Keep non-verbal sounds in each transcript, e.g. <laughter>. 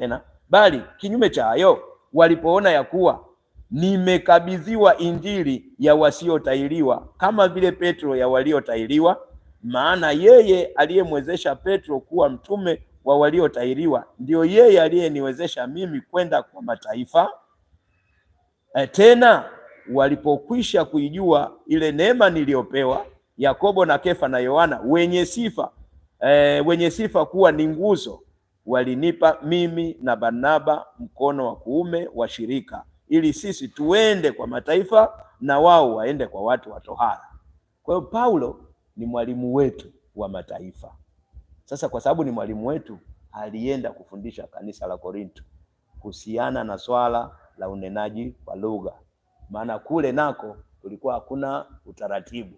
tena, bali kinyume cha hayo, walipoona ya kuwa nimekabidhiwa injili ya wasiotahiriwa kama vile Petro ya waliotahiriwa, maana yeye aliyemwezesha Petro kuwa mtume wa waliotahiriwa ndio yeye aliyeniwezesha mimi kwenda kwa mataifa. E, tena walipokwisha kuijua ile neema niliyopewa, Yakobo na Kefa na Yohana wenye sifa e, wenye sifa kuwa ni nguzo walinipa mimi na Barnaba mkono wa kuume wa shirika, ili sisi tuende kwa mataifa na wao waende kwa watu wa tohara. Kwa hiyo Paulo ni mwalimu wetu wa mataifa. Sasa kwa sababu ni mwalimu wetu, alienda kufundisha kanisa la Korinto kuhusiana na swala la unenaji wa lugha, maana kule nako kulikuwa hakuna utaratibu.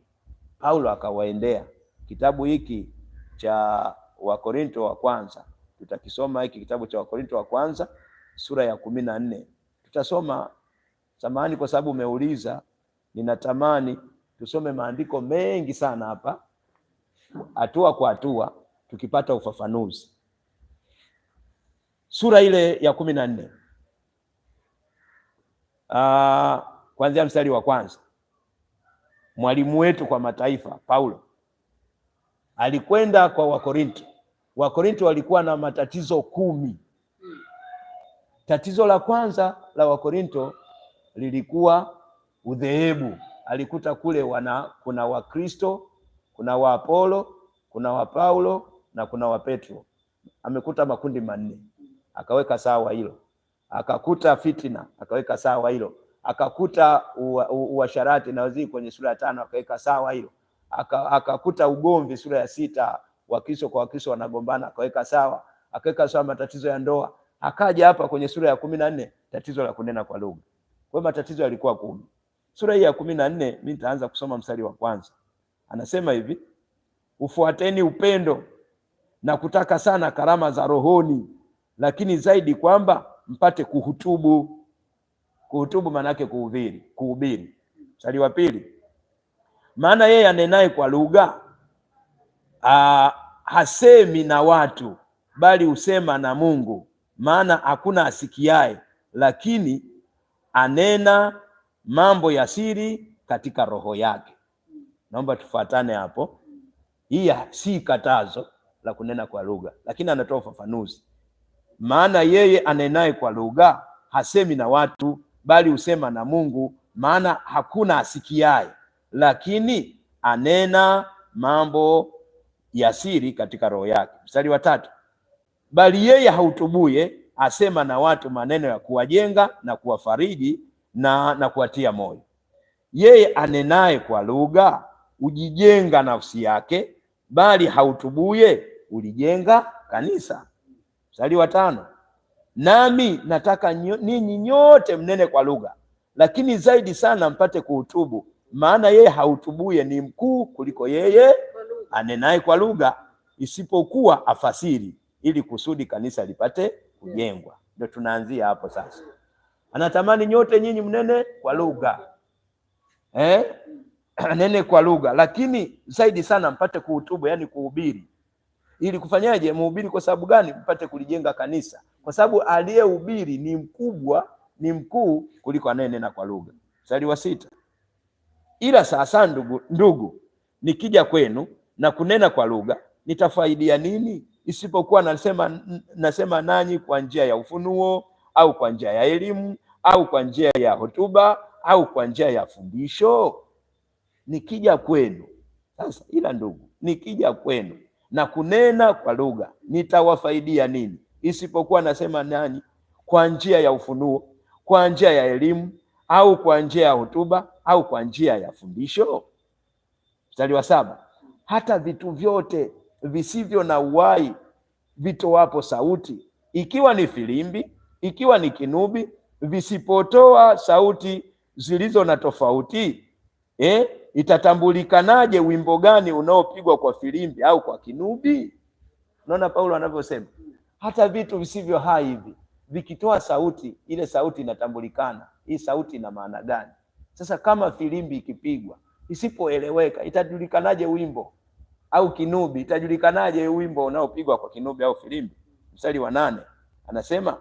Paulo akawaendea. Kitabu hiki cha Wakorinto wa kwanza Tutakisoma hiki kitabu cha Wakorinto wa kwanza sura ya kumi na nne tutasoma samahani, kwa sababu umeuliza, ninatamani tusome maandiko mengi sana hapa, hatua kwa hatua, tukipata ufafanuzi. Sura ile ya kumi na nne ah, kuanzia mstari wa kwanza. Mwalimu wetu kwa mataifa Paulo alikwenda kwa Wakorinto Wakorinto walikuwa na matatizo kumi. Tatizo la kwanza la Wakorinto lilikuwa udhehebu. Alikuta kule wana kuna Wakristo, kuna Waapolo, kuna Wapaulo na kuna Wapetro. Amekuta makundi manne, akaweka sawa hilo. Akakuta fitina, akaweka sawa hilo. Akakuta uasharati na wazii kwenye sura ya tano, akaweka sawa hilo. Akakuta ugomvi sura ya sita Wakristo kwa Wakristo wanagombana, akaweka sawa, akaweka sawa matatizo ya ndoa. Akaja hapa kwenye sura ya kumi na nne tatizo la kunena kwa lugha. Kwa hiyo matatizo yalikuwa kumi. Sura hii ya kumi na nne mimi nitaanza kusoma mstari wa kwanza. Anasema hivi, ufuateni upendo na kutaka sana karama za rohoni, lakini zaidi kwamba mpate kuhutubu. Kuhutubu maana kuhubiri, kuhubiri. Mstari wa pili, maana yeye anenaye kwa lugha Ah, hasemi na watu bali husema na Mungu, maana hakuna asikiaye, lakini anena mambo ya siri katika roho yake. Naomba tufuatane hapo. Hii si katazo la kunena kwa lugha, lakini anatoa ufafanuzi. Maana yeye anenaye kwa lugha hasemi na watu, bali husema na Mungu, maana hakuna asikiaye, lakini anena mambo ya siri katika roho yake. Mstari wa tatu, bali yeye hautubuye asema na watu maneno ya kuwajenga na kuwafariji na, na kuwatia moyo. Yeye anenaye kwa lugha ujijenga nafsi yake, bali hautubuye ulijenga kanisa. Mstari wa tano, nami nataka ninyi nyote mnene kwa lugha, lakini zaidi sana mpate kuutubu maana yeye hautubuye ni mkuu kuliko yeye anenaye kwa lugha, isipokuwa afasiri, ili kusudi kanisa lipate kujengwa. Ndio tunaanzia hapo sasa. Anatamani nyote nyinyi mnene kwa lugha eh? <clears throat> nene kwa lugha, lakini zaidi sana mpate kuhutubu, yani kuhubiri, ili kufanyaje? Mhubiri kwa sababu gani? Mpate kulijenga kanisa, kwa sababu aliyehubiri ni mkubwa, ni mkuu kuliko anayenena kwa lugha. Mstari wa sita. Ila sasa ndugu, ndugu nikija kwenu na kunena kwa lugha nitafaidia nini? Isipokuwa nasema, nasema nanyi kwa njia ya ufunuo au kwa njia ya elimu au kwa njia ya hotuba au kwa njia ya fundisho. Nikija kwenu sasa, ila ndugu, nikija kwenu na kunena kwa lugha nitawafaidia nini? Isipokuwa nasema nanyi kwa njia ya ufunuo, kwa njia ya elimu au kwa njia ya hotuba au kwa njia ya fundisho. Mstari wa saba hata vitu vyote visivyo na uhai vitoapo sauti, ikiwa ni filimbi, ikiwa ni kinubi, visipotoa sauti zilizo na tofauti eh, itatambulikanaje wimbo gani unaopigwa kwa filimbi au kwa kinubi? Unaona Paulo anavyosema, hata vitu visivyo hai hivi vikitoa sauti, ile sauti inatambulikana, hii sauti ina maana gani? Sasa kama filimbi ikipigwa isipoeleweka, itajulikanaje wimbo au kinubi? Itajulikanaje wimbo unaopigwa kwa kinubi au filimbi? Mstari wa nane anasema